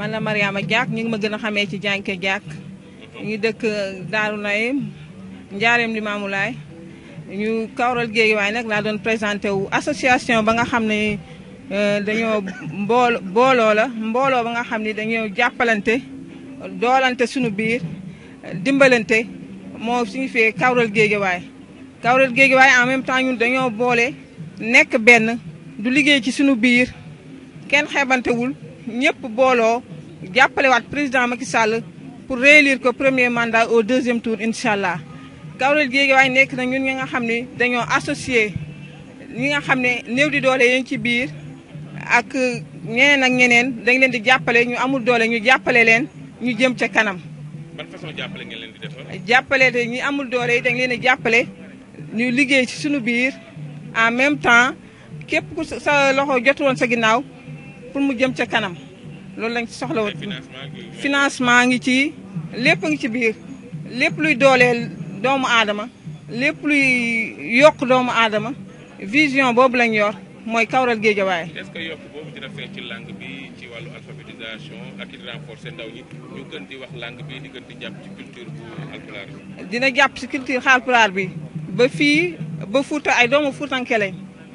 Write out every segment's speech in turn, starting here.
man la Mariama Diack ñu ngi ma gën a xamee ci Dianké Diack mhm. ñu dëkk Daaru Nayim Njaareem Limaamulaay ñu Kawral Guédiawaye nag laa doon présenté wu association ba nga xam ne euh, dañoo mbool la mbooloo ba nga xam ne dañoo jàppalante doolante suñu biir dimbalante moo suñu fee Kawral Guédiawaye Kawral Guédiawaye en même temps ñun dañoo boole nekk benn du liggéey ci suñu biir kenn xeebantewul ñëpp booloo jàppalewaat président Macky Sall pour réélire ko premier mandat au deuxième tour incha allah. Kaolack Guédiawaye nekk na ñun ñi nga xam ne dañoo associé ñi nga xam ne néew di doole yéen ci biir ak ñeneen ak ñeneen dañ leen di jàppale ñu amul doole ñu jàppale leen ñu jëm ca kanam. ban façon jàppale leen di defal. jàppale te ñi amul doole yi dañ leen di jàppale ñu liggéey ci suñu biir en même temps képp ku sa loxo jotu woon sa ginnaaw. pour mu jëm ca kanam loolu lañ ci soxla woon financement ngi ci lépp ngi ci biir lépp luy dooleel doomu aadama lépp luy yokk doomu aadama vision boobu lañ yor mooy Kawral Géejawaay. est-ce que yokk boobu dina ci langue bi ci wàllu alphabétisation ak it renforcer ndaw ñi ñu gën di wax langue bi di gën di jàpp ci culture bu bi. dina jàpp ci culture alpulaar bi ba fii ba Fuuta ay doomu Fuutankee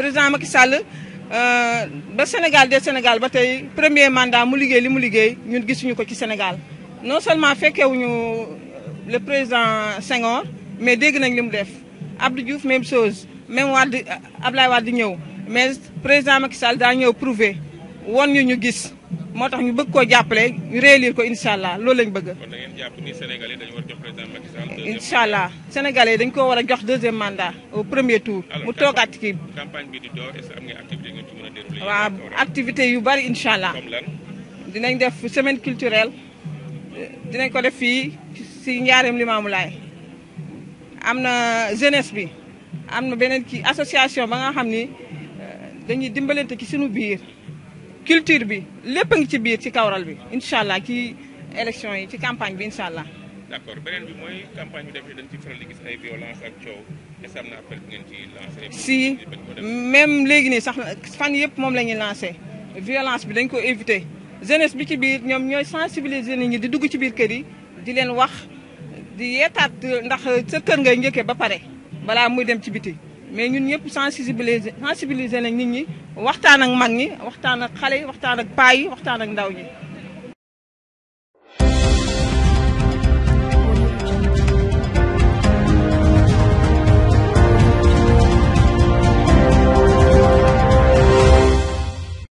président Macky Sall euh, ba Sénégal de Sénégal ba tay premier mandat mu liggéey li mu liggéey ñun gisuñu ko ci Sénégal non seulement féké wuñu euh, le président Senghor mais dégg nañ li def Abdou Diouf même chose même Wade euh, Ablaye Wade ñew mais président Macky Sall da ñew prouver won ñu ñu gis motax ñu bëgg ko jappalé ñu réélire ko inshallah loolu lañ bëgg. kon da ngeen jàpp ni Sénégalais dañu war a jox président incha allah sénégalais dañ koo war a jox deuxième mandat au premier tour. mu toogaat kii campagne bi activité yu bari incha allah. dinañ def semaine culturelle dinañ ko def fii si njaareem limaamu laay am na jeunesse bi am na beneen kii association ba nga xam ni euh, dañuy dimbalante ci suñu biir culture bi lépp a ngi ci biir ci kawral bi incha allah ci élection yi ci campagne bi incha d' accord beneen bi mooy campagne bi dafay dañ ci faral di ay violence ak coow si même léegi nii sax fan yëpp moom la ñuy lancé violence bi dañ ko éviter jeunesse bi ci biir ñoom ñooy sensibiliser nit ñi di dugg ci biir kër yi di leen wax di yeetaat ndax sa kër ngay njëkkee ba pare balaa muy dem ci biti. mais ñun ñëpp sensibiliser sensibiliser nañ nit ñi waxtaan ak mag ñi waxtaan ak xale yi waxtaan ak paa yi waxtaan ak ndaw ñi.